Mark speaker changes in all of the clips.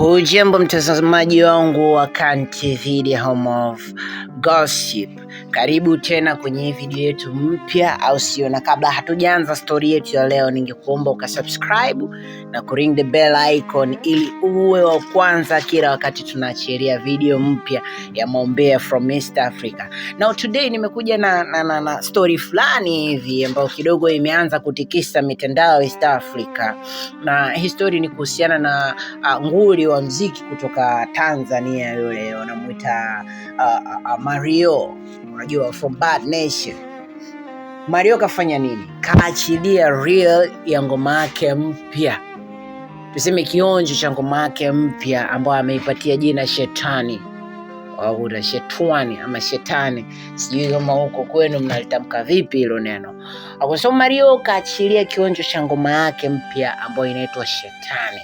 Speaker 1: Hujambo mtazamaji wangu wa Kan TV the home of gossip. Karibu tena kwenye video yetu mpya, au sio? Na kabla hatujaanza stori yetu ya leo, ningekuomba ukasubscribe na kuring the bell icon ili uwe wa kwanza kila wakati tunaachilia video mpya ya Maombea from East Africa. Now today nimekuja na, na, na, na stori fulani hivi ambayo kidogo imeanza kutikisa mitandao East Africa, na hii stori ni kuhusiana na uh, nguli wa mziki kutoka Tanzania, yule wanamwita uh, uh, Mario, unajua from Bad Nation. Mario kafanya nini? Kaachilia reel ya ngoma yake mpya, tuseme kionjo cha ngoma yake mpya ambayo ameipatia jina Shetani au shetwani ama shetani, sijui kama huko kwenu mnalitamka vipi hilo neno. Akasema Mario kaachilia kionjo cha ngoma yake mpya ambayo inaitwa Shetani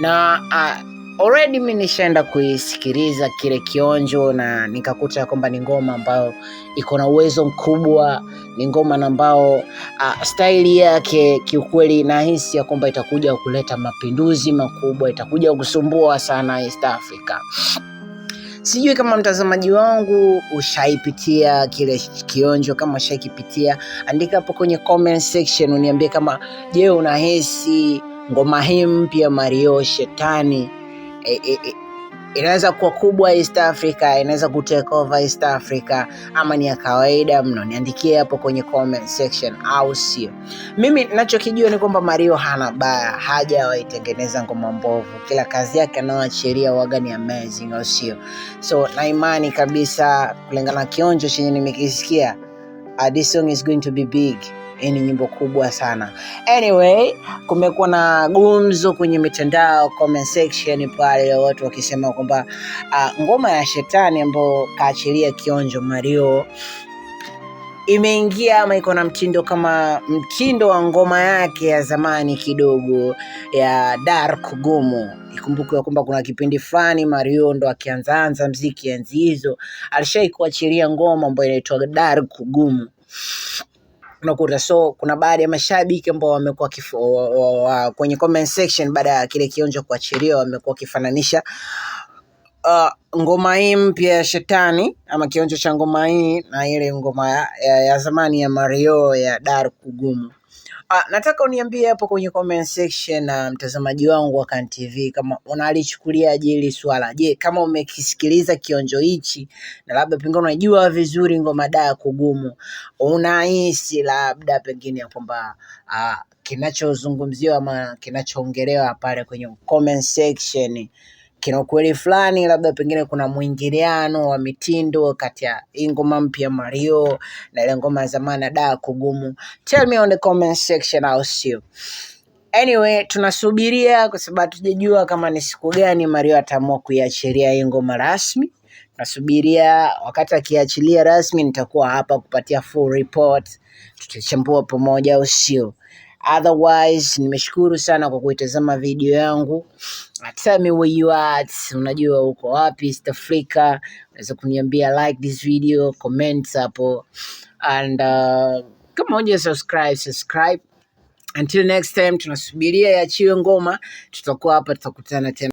Speaker 1: na ah, already mimi nishaenda kuisikiliza kile kionjo na nikakuta kwamba ni ngoma ambayo iko na uwezo mkubwa, ni ngoma ambao uh, ah, staili yake kiukweli nahisi ya kwamba itakuja kuleta mapinduzi makubwa, itakuja kusumbua sana East Africa. Sijui kama mtazamaji wangu ushaipitia kile kionjo. Kama ushaikipitia, andika hapo kwenye comment section uniambie kama je, unahisi ngoma hii mpya Mario Shetani inaweza kuwa kubwa East Africa, inaweza take over East Africa ama ni ya kawaida mno, niandikie hapo kwenye comment section, au sio? Mimi ninachokijua ni kwamba Mario hana baya, haja waitengeneza ngoma mbovu. Kila kazi yake anayoachiria waga ni amazing, au sio? So na imani kabisa, kulingana na kionjo chenye nimekisikia, uh, this song is going to be big. Hii ni yaani nyimbo kubwa sana. Anyway, kumekuwa na gumzo kwenye mitandao comment section pale, watu wakisema kwamba uh, ngoma ya Shetani ambayo kaachilia kionjo Mario imeingia ama iko na mtindo kama mtindo wa ngoma yake ya zamani kidogo ya dark gumu. Ikumbukwe kwamba kuna kipindi fulani Mario ndo akianzaanza mziki enzi hizo, alishai kuachilia ngoma ambayo inaitwa dark gumu unakuta so kuna baadhi ya mashabiki ambao wamekuwa kwenye comment section baada ya kile kionjo kuachiliwa, wamekuwa wakifananisha uh, ngoma hii mpya ya Shetani ama kionjo cha ngoma hii na ile ngoma ya, ya, ya zamani ya Mario ya Dar Kugumu. Uh, nataka uniambie hapo kwenye comment section na uh, mtazamaji wangu wa Kan TV kama unalichukulia jili swala. Je, kama umekisikiliza kionjo hichi na labda pengine unajua vizuri ngoma Daa Kugumu, unahisi labda pengine ya kwamba uh, kinachozungumziwa ama kinachoongelewa pale kwenye comment section kina ukweli fulani, labda pengine kuna mwingiliano wa mitindo kati ya hii ngoma mpya Mario na ile ngoma ya zamani da kugumu. Tell me on the comment section au sio? Anyway, tunasubiria kwa sababu tujajua kama ni siku gani Mario ataamua kuiachilia hii ngoma rasmi. nasubiria wakati akiachilia rasmi, nitakuwa hapa kupatia full report, tutachambua pamoja, au sio? Otherwise, nimeshukuru sana kwa kuitazama video yangu. Tell me where you are, unajua uko wapi East Africa? Unaweza kuniambia like this video, comment hapo and uh, on, just subscribe, subscribe. Until next time tunasubiria yachiwe ngoma, tutakuwa hapa, tutakutana tena.